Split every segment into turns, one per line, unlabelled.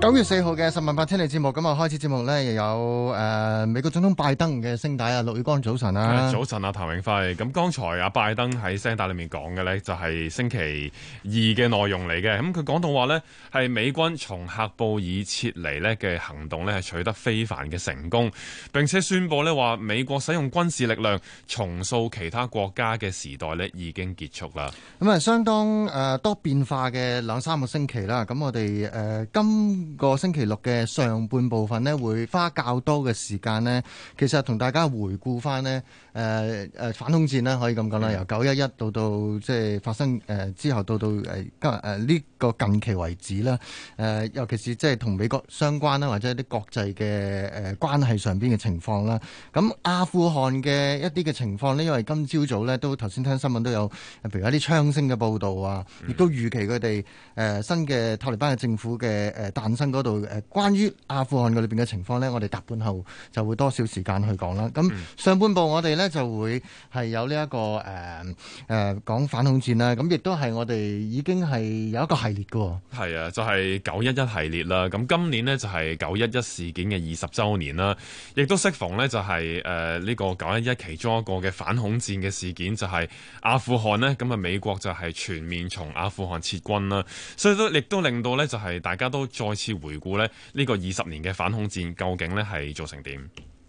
九月四號嘅十萬八千里節目，咁啊開始節目呢，又有誒美國總統拜登嘅聲帶啊，陸宇光早晨啊，早
晨啊，譚永輝。咁剛才啊，拜登喺聲帶裏面講嘅呢，就係星期二嘅內容嚟嘅。咁佢講到話呢，係美軍從喀布爾撤離呢嘅行動呢，係取得非凡嘅成功，並且宣布呢話美國使用軍事力量重塑其他國家嘅時代呢已經結束啦。
咁啊相當誒多變化嘅兩三個星期啦。咁我哋誒、呃、今個星期六嘅上半部分呢，會花較多嘅時間呢，其實同大家回顧返呢。誒誒、呃、反恐戰啦，可以咁講啦。Mm. 由九一一到到即係發生誒、呃、之後，到到誒今日誒呢個近期為止啦。誒、呃、尤其是即係同美國相關啦，或者啲國際嘅誒、呃、關係上邊嘅情況啦。咁、啊、阿富汗嘅一啲嘅情況呢，因為今朝早呢都頭先聽新聞都有，譬如一啲槍聲嘅報導啊，亦、mm. 都預期佢哋誒新嘅塔利班嘅政府嘅誒、呃、誕生嗰度誒，關於阿富汗嘅裏邊嘅情況呢，我哋下半後就會多少時間去講啦。咁、啊啊 mm. 上半部我哋咧就會係有呢、這、一個誒誒講反恐戰啦，咁亦都係我哋已經係有一個系列嘅。
係啊，就係九一一系列啦。咁今年呢，就係九一一事件嘅二十週年啦，亦都適逢呢、就是，就係誒呢個九一一其中一個嘅反恐戰嘅事件，就係、是、阿富汗呢。咁、嗯、啊，美國就係全面從阿富汗撤軍啦。所以都亦都令到呢，就係、是、大家都再次回顧呢，呢、這個二十年嘅反恐戰，究竟咧係做成點？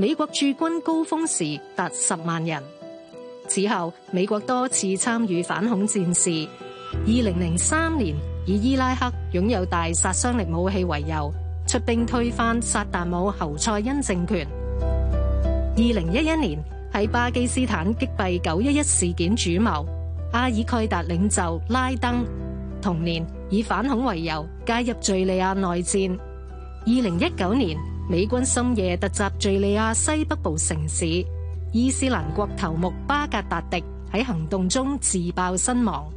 美國駐軍高峰時達十萬人。此後，美國多次參與反恐戰事。二零零三年，以伊拉克擁有大殺傷力武器為由，出兵推翻薩達姆侯賽恩政權。二零一一年，喺巴基斯坦擊斃九一一事件主謀阿爾蓋達領袖拉登。同年，以反恐為由介入敘利亞內戰。二零一九年，美軍深夜突襲敘利亞西北部城市，伊斯蘭國頭目巴格達迪喺行動中自爆身亡。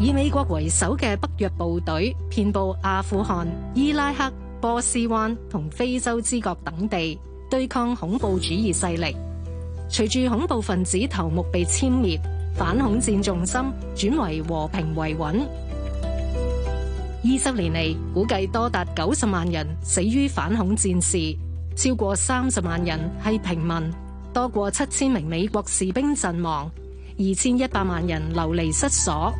以美國為首嘅北約部隊遍布阿富汗、伊拉克、波斯灣同非洲之角等地，對抗恐怖主義勢力。隨住恐怖分子頭目被殲滅，反恐戰重心轉為和平維穩。二十年嚟，估計多達九十萬人死於反恐戰事，超過三十萬人係平民，多過七千名美國士兵陣亡，二千一百萬人流離失所。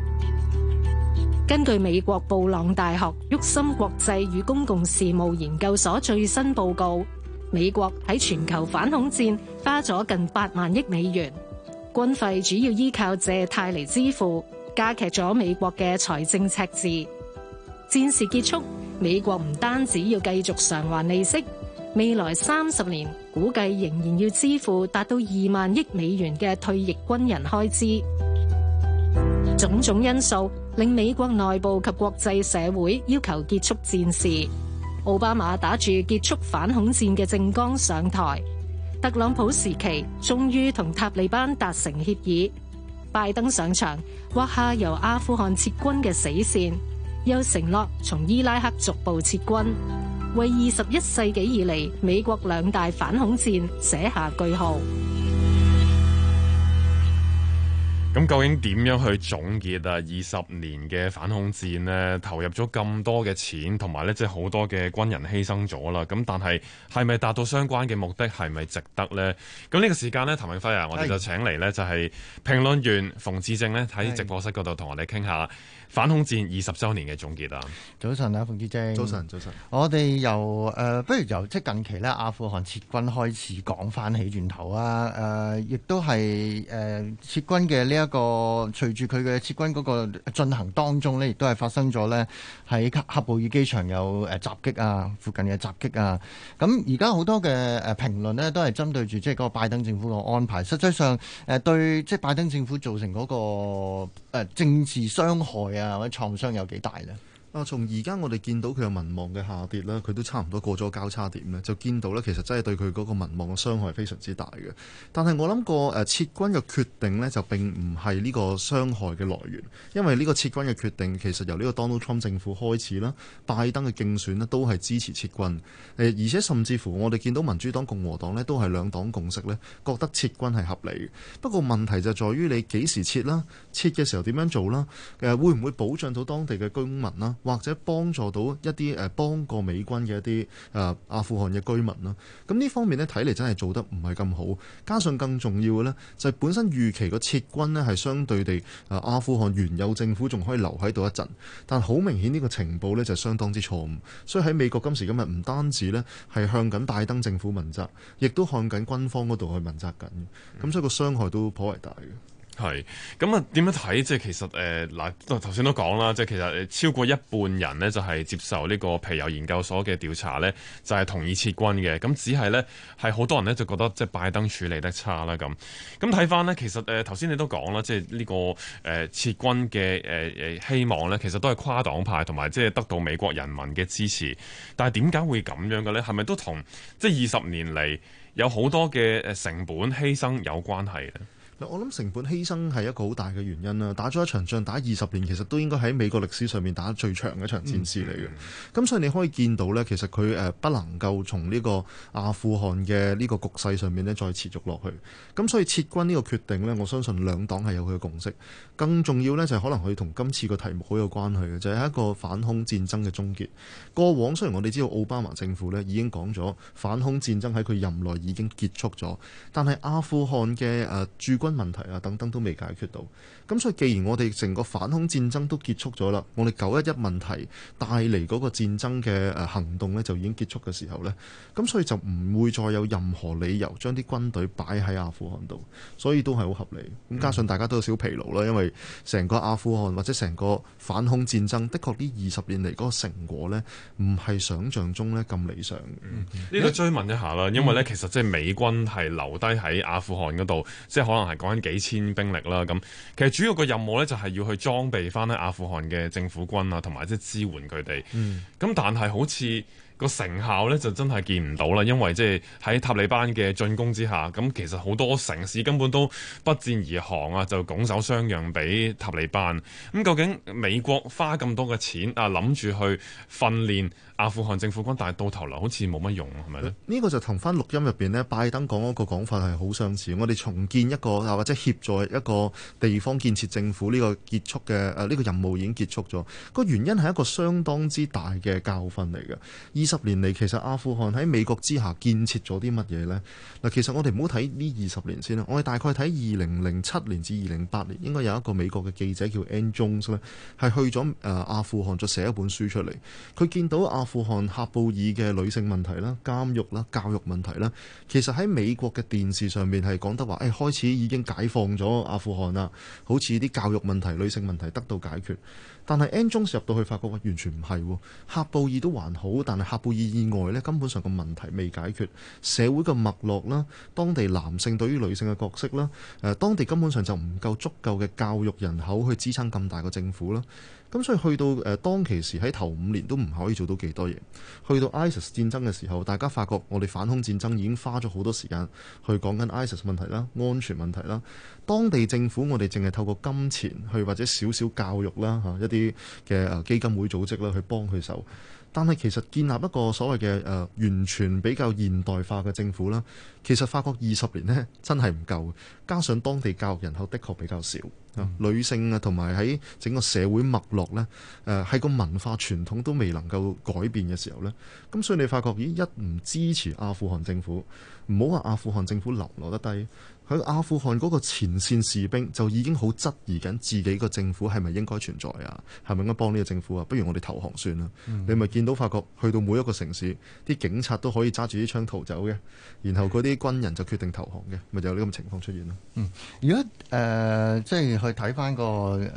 根據美國布朗大學沃森國際與公共事務研究所最新報告，美國喺全球反恐戰花咗近八萬億美元軍費，主要依靠借貸嚟支付，加劇咗美國嘅財政赤字。戰事結束，美國唔單止要繼續償還利息，未來三十年估計仍然要支付達到二萬億美元嘅退役軍人開支。種種因素令美國內部及國際社會要求結束戰事。奧巴馬打住結束反恐戰嘅政綱上台，特朗普時期終於同塔利班達成協議，拜登上場畫下由阿富汗撤軍嘅死線。又承諾從伊拉克逐步撤軍，為二十一世紀以嚟，美國兩大反恐戰寫下句號。
咁究竟點樣去總結啊？二十年嘅反恐戰咧，投入咗咁多嘅錢，同埋咧即係好多嘅軍人犧牲咗啦。咁但係係咪達到相關嘅目的？係咪值得呢？咁呢個時間呢，譚永輝啊，我哋就請嚟呢就係評論員馮智政呢，喺直播室嗰度同我哋傾下。反恐戰二十週年嘅總結啊！
早晨啊，馮智政。早晨，早晨。我哋由誒、呃，不如由即近期咧阿富汗撤軍開始講翻起轉頭啊！誒、呃，亦都係誒、呃、撤軍嘅呢一個，隨住佢嘅撤軍嗰個進行當中呢，亦都係發生咗呢喺喀布爾機場有誒襲擊啊，附近嘅襲擊啊。咁而家好多嘅誒評論呢，都係針對住即嗰個拜登政府個安排，實際上誒、呃、對即拜登政府造成嗰、嗰個、呃、政治傷害啊。啊！或者創傷有幾大咧？啊！從而家我哋見
到佢嘅民望嘅下跌咧，佢都差唔多過咗交叉點呢就見到呢，其實真係對佢嗰個民望嘅傷害非常之大嘅。但係我諗過誒撤軍嘅決定呢，就並唔係呢個傷害嘅來源，因為呢個撤軍嘅決定其實由呢個 Donald Trump 政府開始啦，拜登嘅競選呢，都係支持撤軍。誒而且甚至乎我哋見到民主黨共和黨呢，都係兩黨共識呢，覺得撤軍係合理。不過問題就在於你幾時撤啦？撤嘅時候點樣做啦？誒會唔會保障到當地嘅居民啦？.或者幫助到一啲誒、呃、幫過美軍嘅一啲誒、呃、阿富汗嘅居民啦，咁呢方面呢睇嚟真係做得唔係咁好。加上更重要嘅呢，就係、是、本身預期個撤軍呢係相對地誒、呃、阿富汗原有政府仲可以留喺度一陣，但好明顯呢個情報呢就相當之錯誤。所以喺美國今時今日唔單止呢係向緊拜登政府問責，亦都向緊軍方嗰度去問責緊。咁所以個傷害都頗為大嘅。
係咁啊？點樣睇？即係其實誒嗱，頭先都講啦，即係其實超過一半人呢，就係接受呢個皮尤研究所嘅調查咧，就係同意撤軍嘅。咁只係咧，係好多人咧就覺得即係拜登處理得差啦咁。咁睇返咧，其實誒頭先你都講啦，即係呢個誒撤軍嘅誒誒希望咧，其實都係跨黨派同埋即係得到美國人民嘅支持。但係點解會咁樣嘅咧？係咪都同即係二十年嚟有好多嘅誒成本犧牲有關係咧？
我諗成本犧牲係一個好大嘅原因啦，打咗一場仗，打二十年，其實都應該喺美國歷史上面打最長嘅一場戰事嚟嘅。咁、嗯、所以你可以見到呢，其實佢誒不能夠從呢個阿富汗嘅呢個局勢上面呢再持續落去。咁所以撤軍呢個決定呢，我相信兩黨係有佢嘅共識。更重要呢，就係可能佢同今次個題目好有關係嘅，就係一個反恐戰爭嘅終結。過往雖然我哋知道奧巴馬政府呢已經講咗反恐戰爭喺佢任內已經結束咗，但係阿富汗嘅誒、呃軍問題啊，等等都未解決到，咁所以既然我哋成個反恐戰爭都結束咗啦，我哋九一一問題帶嚟嗰個戰爭嘅誒行動呢，就已經結束嘅時候呢。咁所以就唔會再有任何理由將啲軍隊擺喺阿富汗度，所以都係好合理。咁加上大家都有少疲勞啦，因為成個阿富汗或者成個反恐戰爭的確呢二十年嚟嗰個成果呢，唔係想象中呢咁理想。應該、嗯嗯、
追問一下啦，因為呢其實即係美軍係留低喺阿富汗嗰度，即係可能係。講緊幾千兵力啦，咁其實主要個任務咧就係要去裝備翻咧阿富汗嘅政府軍啊，同埋即係支援佢哋。咁、嗯、但係好似。個成效咧就真係見唔到啦，因為即係喺塔利班嘅進攻之下，咁其實好多城市根本都不戰而降啊，就拱手相讓俾塔利班。咁究竟美國花咁多嘅錢啊，諗住去訓練阿富汗政府軍，但係到頭來好似冇乜用，係咪咧？
呢個就同翻錄音入邊呢，拜登講嗰個講法係好相似。我哋重建一個，或者協助一個地方建設政府呢個結束嘅誒呢個任務已經結束咗。個原因係一個相當之大嘅教訓嚟嘅。二十年嚟，其實阿富汗喺美國之下建設咗啲乜嘢呢？嗱，其實我哋唔好睇呢二十年先啦，我哋大概睇二零零七年至二零八年，應該有一個美國嘅記者叫 Ann Jones 咧，係去咗誒阿富汗，再寫一本書出嚟。佢見到阿富汗喀布爾嘅女性問題啦、監獄啦、教育問題啦，其實喺美國嘅電視上面係講得話，誒、哎、開始已經解放咗阿富汗啦，好似啲教育問題、女性問題得到解決。但係 Ann Jones 入到去發覺，完全唔係喎，喀布爾都還好，但係阿布爾以外咧，根本上個問題未解決，社會嘅脈絡啦，當地男性對於女性嘅角色啦，誒，當地根本上就唔夠足夠嘅教育人口去支撐咁大個政府啦。咁所以去到誒當其時喺頭五年都唔可以做到幾多嘢，去到 ISIS 戰爭嘅時候，大家發覺我哋反恐戰爭已經花咗好多時間去講緊 ISIS 問題啦、安全問題啦。當地政府我哋淨係透過金錢去或者少少教育啦嚇一啲嘅基金會組織啦去幫佢手，但係其實建立一個所謂嘅誒完全比較現代化嘅政府啦，其實發覺二十年呢真係唔夠，加上當地教育人口的確比較少。女性啊，同埋喺整個社會脈絡呢，誒係個文化傳統都未能夠改變嘅時候呢，咁所以你發覺，咦一唔支持阿富汗政府，唔好話阿富汗政府留唔留得低。喺阿富汗嗰個前線士兵就已經好質疑緊自己個政府係咪應該存在啊？係咪應該幫呢個政府啊？不如我哋投降算啦。嗯、你咪見到發覺去到每一個城市，啲警察都可以揸住啲槍逃走嘅，然後嗰啲軍人就決定投降嘅，咪就有呢咁情況出現咯、嗯。
如果誒即係去睇翻個誒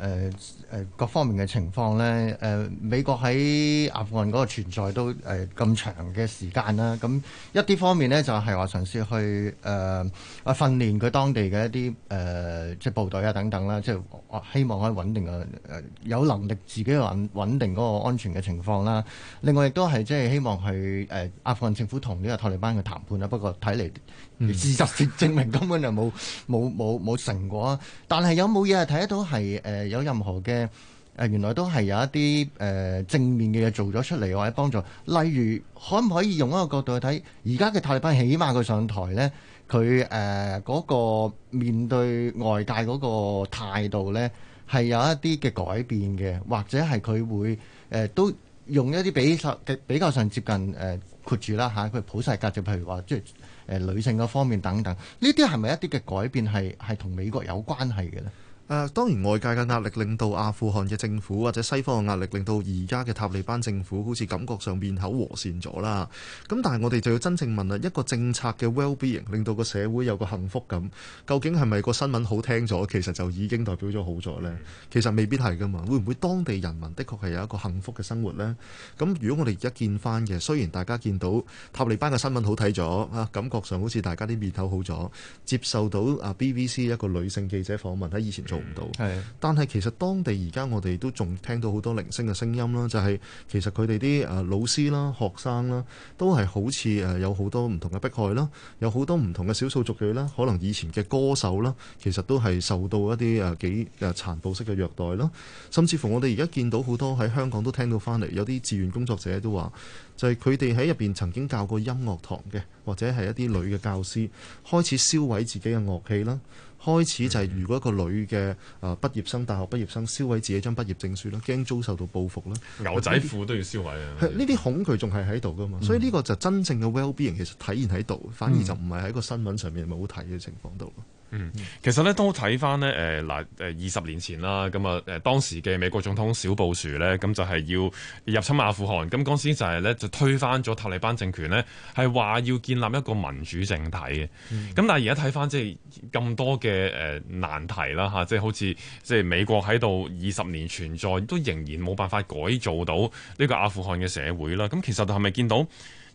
誒各方面嘅情況咧，誒、呃、美國喺阿富汗嗰個存在都誒咁長嘅時間啦。咁一啲方面呢，就係話嘗試去誒啊訓練。訓練佢當地嘅一啲誒、呃，即係部隊啊，等等啦，即係希望可以穩定個誒、呃，有能力自己去穩穩定嗰個安全嘅情況啦。另外亦都係即係希望去誒、呃、阿富汗政府同呢個塔利班嘅談判啦。不過睇嚟事實是證明根本就冇冇冇冇成果。但係有冇嘢係睇得到係誒、呃、有任何嘅誒、呃？原來都係有一啲誒、呃、正面嘅嘢做咗出嚟，或者幫助。例如，可唔可以用一個角度去睇而家嘅塔利班？起碼佢上台咧。佢誒嗰個面對外界嗰個態度咧，係有一啲嘅改變嘅，或者係佢會誒、呃、都用一啲比較嘅比較上接近誒括住啦嚇，佢、呃啊、普世價值，譬如話即係誒女性嗰方面等等，呢啲係咪一啲嘅改變係係同美國有關係嘅咧？誒當然外界
嘅壓力令到阿富汗嘅政府或者西方嘅壓力令到而家嘅塔利班政府好似感覺上面口和善咗啦。咁但係我哋就要真正問啦，一個政策嘅 well-being 令到個社會有個幸福感，究竟係咪個新聞好聽咗，其實就已經代表咗好咗呢？其實未必係㗎嘛，會唔會當地人民的確係有一個幸福嘅生活呢？咁如果我哋而家見翻嘅，雖然大家見到塔利班嘅新聞好睇咗啊，感覺上好似大家啲面口好咗，接受到啊 BBC 一個女性記者訪問喺以前做到，但係其實當地而家我哋都仲聽到好多零星嘅聲音啦，就係、是、其實佢哋啲誒老師啦、學生啦，都係好似誒有好多唔同嘅迫害啦，有好多唔同嘅少數族裔啦，可能以前嘅歌手啦，其實都係受到一啲誒幾誒殘暴式嘅虐待啦，甚至乎我哋而家見到好多喺香港都聽到返嚟，有啲志願工作者都話，就係佢哋喺入邊曾經教過音樂堂嘅，或者係一啲女嘅教師，開始燒毀自己嘅樂器啦。開始就係如果一個女嘅啊、呃、畢業生大學畢業生燒毀自己張畢業證書啦，驚遭受到報復啦，牛仔褲
些都要燒毀啊！
係呢啲恐懼仲係喺度㗎嘛，嗯、所以呢個就真正嘅 well being 其實體現喺度，反而就唔係喺個新聞上面冇好睇嘅情況度。嗯嗯。
嗯，其實咧都睇翻咧，誒、呃、嗱，誒二十年前啦，咁、嗯、啊，誒當時嘅美國總統小布殊咧，咁就係、是、要入侵阿富汗，咁嗰時就係咧就推翻咗塔利班政權咧，係話要建立一個民主政體嘅。咁、嗯、但係而家睇翻即係咁多嘅誒難題啦嚇、啊，即係好似即係美國喺度二十年存在都仍然冇辦法改造到呢個阿富汗嘅社會啦。咁其實係咪見到？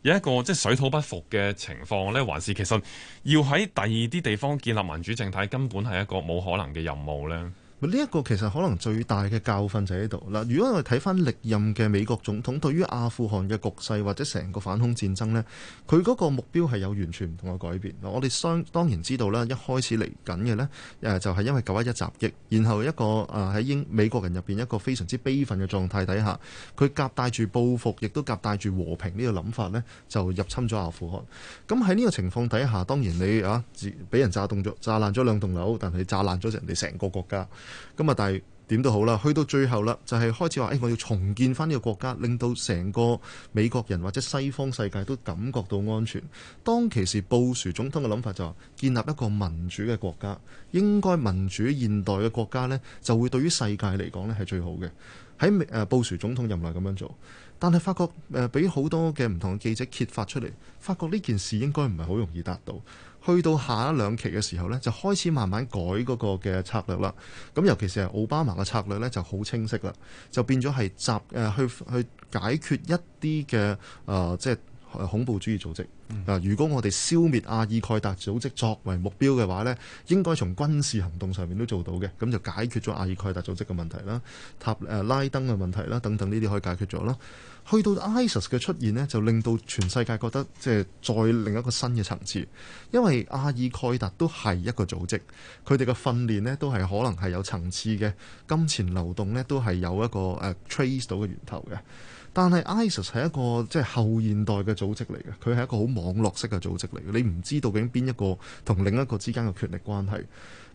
有一個即係水土不服嘅情況咧，還是其實要喺第二啲地方建立民主政體，根本係一個冇可能嘅任務咧。呢一個其
實可能最大嘅教訓就喺度嗱。如果我哋睇翻歷任嘅美國總統對於阿富汗嘅局勢或者成個反恐戰爭呢，佢嗰個目標係有完全唔同嘅改變。我哋相當然知道啦，一開始嚟緊嘅呢，誒就係、是、因為九一一襲擊，然後一個啊喺、呃、英美國人入邊一個非常之悲憤嘅狀態底下，佢夾帶住報復，亦都夾帶住和平呢個諗法呢就入侵咗阿富汗。咁喺呢個情況底下，當然你啊俾人炸動咗，炸爛咗兩棟樓，但係炸爛咗人哋成個國家。咁啊！但係點都好啦，去到最後啦，就係、是、開始話，誒，我要重建返呢個國家，令到成個美國人或者西方世界都感覺到安全。當其時，布殊總統嘅諗法就話建立一個民主嘅國家，應該民主現代嘅國家呢，就會對於世界嚟講呢係最好嘅。喺誒布殊總統任內咁樣做，但係發覺誒俾好多嘅唔同嘅記者揭發出嚟，發覺呢件事應該唔係好容易達到。去到下一兩期嘅時候咧，就開始慢慢改嗰個嘅策略啦。咁尤其是係奧巴馬嘅策略咧，就好清晰啦，就變咗係集誒、呃、去去解決一啲嘅誒即係恐怖主義組織嗱，如果我哋消滅阿爾蓋達組織作為目標嘅話呢，應該從軍事行動上面都做到嘅，咁就解決咗阿爾蓋達組織嘅問題啦、塔誒拉登嘅問題啦等等，呢啲可以解決咗啦。去到 ISIS 嘅出現呢，就令到全世界覺得即係再另一個新嘅層次，因為阿爾蓋達都係一個組織，佢哋嘅訓練呢都係可能係有層次嘅，金錢流動呢都係有一個誒 trace 到嘅源頭嘅。但係 ISIS 係一個即係後現代嘅組織嚟嘅，佢係一個好網絡式嘅組織嚟嘅，你唔知道究竟邊一個同另一個之間嘅權力關係。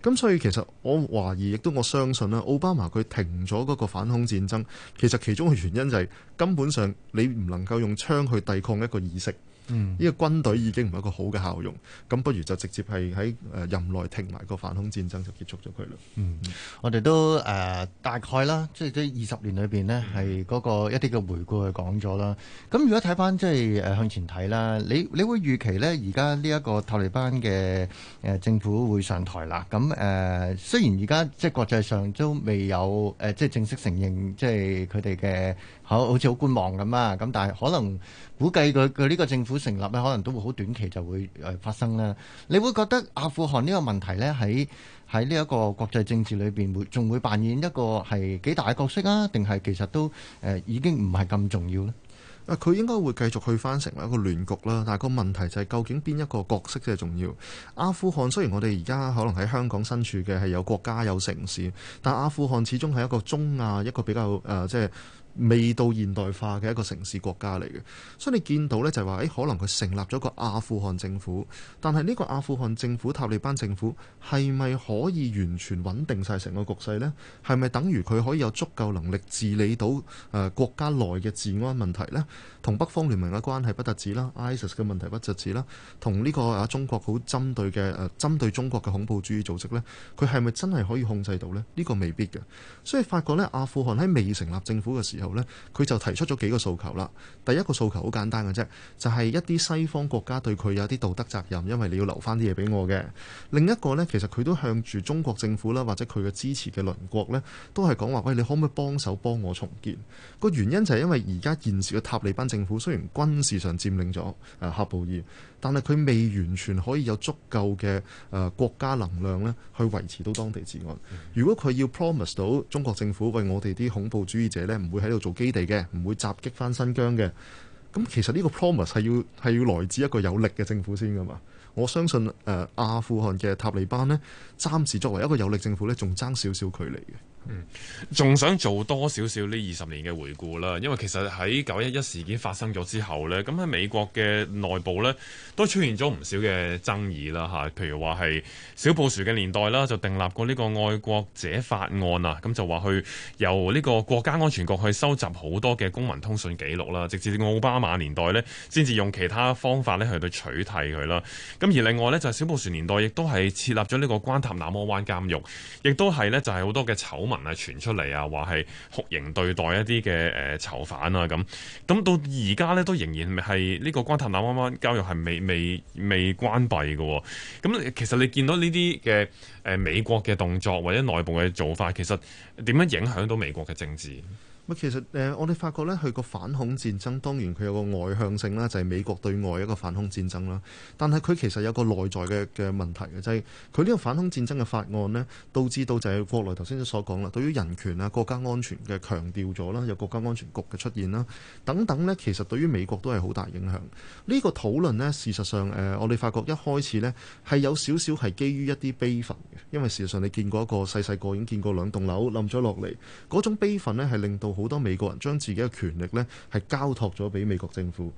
咁所以其實我懷疑，亦都我相信啦，奧巴馬佢停咗嗰個反恐戰爭，其實其中嘅原因就係根本上你唔能夠用槍去抵抗一個意識。嗯，呢個軍隊已經唔係一個好嘅效用，咁不如就直接係喺誒任內停埋個反恐戰爭就結束咗佢啦。嗯，我哋都誒、呃、
大概啦，即係即二十年裏邊呢，係嗰、那個一啲嘅回顧去講咗啦。咁如果睇返即係誒向前睇啦，你你會預期咧而家呢一個塔利班嘅誒、呃、政府會上台啦。咁誒、呃、雖然而家即係國際上都未有誒、呃、即係正式承認，即係佢哋嘅好好似好觀望咁啊。咁但係可能估計佢佢呢個政府成立咧，可能都會好短期就會誒發生啦。你會覺得阿富汗呢個問題呢，喺喺呢一個國際政治裏邊，會仲會扮演一個係幾大嘅角色啊？定係其實都誒、呃、已經唔係咁重要咧？
佢應該會繼續去返成為一個亂局啦。但係個問題就係，究竟邊一個角色即係重要？阿富汗雖然我哋而家可能喺香港身處嘅係有國家有城市，但阿富汗始終係一個中亞一個比較誒、呃、即係。未到現代化嘅一個城市國家嚟嘅，所以你見到呢就係話，誒可能佢成立咗個阿富汗政府，但係呢個阿富汗政府塔利班政府係咪可以完全穩定晒成個局勢呢？係咪等於佢可以有足夠能力治理到誒國家內嘅治安問題呢？同北方聯盟嘅關係不特止啦，ISIS 嘅問題不特止啦，同呢個啊中國好針對嘅誒針對中國嘅恐怖主義組織呢，佢係咪真係可以控制到呢？呢個未必嘅，所以發覺呢，阿富汗喺未成立政府嘅時候。咧佢就提出咗幾個訴求啦。第一個訴求好簡單嘅啫，就係一啲西方國家對佢有啲道德責任，因為你要留翻啲嘢俾我嘅。另一個呢，其實佢都向住中國政府啦，或者佢嘅支持嘅鄰國呢，都係講話喂，你可唔可以幫手幫我重建？個原因就係因為而家現時嘅塔利班政府雖然軍事上佔領咗誒喀布爾。但係佢未完全可以有足夠嘅誒國家能量咧，去維持到當地治安。如果佢要 promise 到中國政府為我哋啲恐怖主義者咧，唔會喺度做基地嘅，唔會襲擊翻新疆嘅，咁其實呢個 promise 係要係要來自一個有力嘅政府先㗎嘛。我相信誒、呃、阿富汗嘅塔利班咧，暫時作為一個有力政府咧，仲爭少少距離嘅。
嗯，仲想做多少少呢？二十年嘅回顧啦，因為其實喺九一一事件發生咗之後咧，咁喺美國嘅內部咧，都出現咗唔少嘅爭議啦，吓，譬如話係小布殊嘅年代啦，就訂立過呢個《愛國者法案》啊，咁就話去由呢個國家安全局去收集好多嘅公民通訊記錄啦，直至奧巴馬年代咧，先至用其他方法咧去到取締佢啦。咁而另外咧，就係、是、小布殊年代亦都係設立咗呢個關塔那摩灣監獄，亦都係咧就係好多嘅醜聞。係傳出嚟啊，話係酷刑對待一啲嘅誒囚犯啊，咁咁到而家咧都仍然係呢個關塔那灣灣監獄係未未未關閉嘅、哦，咁、嗯、其實你見到呢啲嘅誒美國嘅動作或者內部嘅做法，其實點樣影響到美國嘅政治？
其實誒，我哋發覺咧，佢個反恐戰爭當然佢有個外向性啦，就係美國對外一個反恐戰爭啦。但係佢其實有個內在嘅嘅問題嘅，就係佢呢個反恐戰爭嘅法案呢，導致到就係國內頭先所講啦，對於人權啊、國家安全嘅強調咗啦，有國家安全局嘅出現啦，等等呢，其實對於美國都係好大影響。呢個討論呢，事實上誒，我哋發覺一開始呢係有少少係基於一啲悲憤嘅，因為事實上你見過一個細細個已經見過兩棟樓冧咗落嚟，嗰種悲憤呢係令到好多美國人將自己嘅權力呢，係交託咗俾美國政府。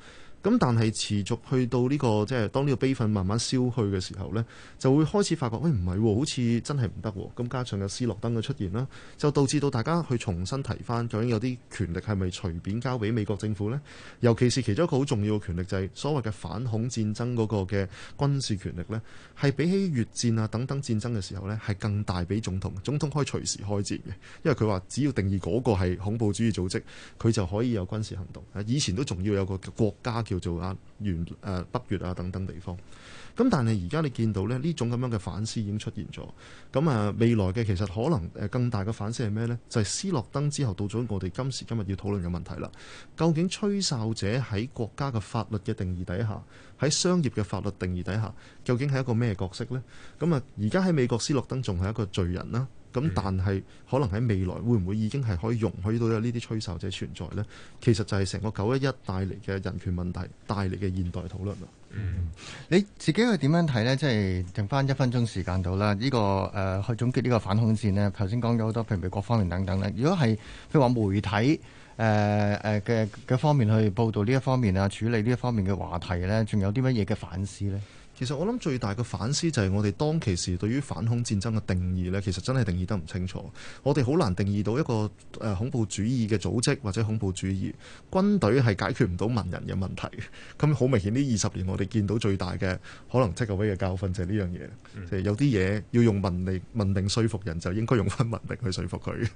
咁但係持續去到呢個，即係當呢個悲憤慢慢消去嘅時候呢，就會開始發覺，喂唔係喎，好似真係唔得喎。咁加上有斯諾登嘅出現啦，就導致到大家去重新提翻，究竟有啲權力係咪隨便交俾美國政府呢？尤其是其中一個好重要嘅權力，就係所謂嘅反恐戰爭嗰個嘅軍事權力呢，係比起越戰啊等等戰爭嘅時候呢，係更大俾總統，總統可以隨時開戰嘅，因為佢話只要定義嗰個係恐怖主義組織，佢就可以有軍事行動。以前都仲要有個國家。叫做啊，原誒北越啊等等地方，咁但係而家你見到咧呢種咁樣嘅反思已經出現咗，咁啊未來嘅其實可能誒更大嘅反思係咩呢？就係斯諾登之後到咗我哋今時今日要討論嘅問題啦。究竟吹哨者喺國家嘅法律嘅定義底下，喺商業嘅法律定義底下，究竟係一個咩角色呢？咁啊，而家喺美國斯諾登仲係一個罪人啦。咁、嗯、但係可能喺未來會唔會已經係可以容許到有呢啲吹哨者存在呢？其實就係成個九一一帶嚟
嘅人權問題帶嚟嘅現代討論啊！嗯，你自己去點樣睇呢？即係剩翻一分鐘時間到啦，呢個誒去總結呢個反恐戰呢，頭先講咗好多，譬如美國方面等等呢。如果係譬如話媒體誒誒嘅嘅方面去報導呢一方面啊，處理呢一方面嘅話題呢，仲有啲乜嘢嘅反思呢？其實我諗最大嘅反
思就係我哋當其時對於反恐戰爭嘅定義呢，其實真係定義得唔清楚。我哋好難定義到一個誒恐怖主義嘅組織或者恐怖主義軍隊係解決唔到文人嘅問題。咁好明顯，呢二十年我哋見到最大嘅可能即係個位嘅教訓就係呢樣嘢，就係有啲嘢要用文力、文定說服人，就應該用翻文力去說服佢、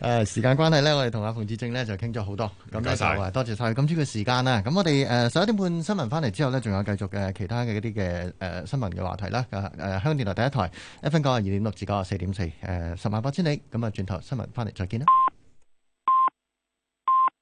嗯。誒時間關係呢，我哋同阿馮智政呢就傾咗好多，多謝晒，多謝晒。今朝嘅時間啦，咁我哋誒十一點半新聞翻嚟之後呢，仲有繼續嘅其他嘅一啲嘅。誒誒、呃，新聞嘅話題啦，誒、呃，香港電台第一台，FM 九十二點六至九十四點四，誒，十萬八千里，咁啊，轉頭新聞翻嚟，再見啦。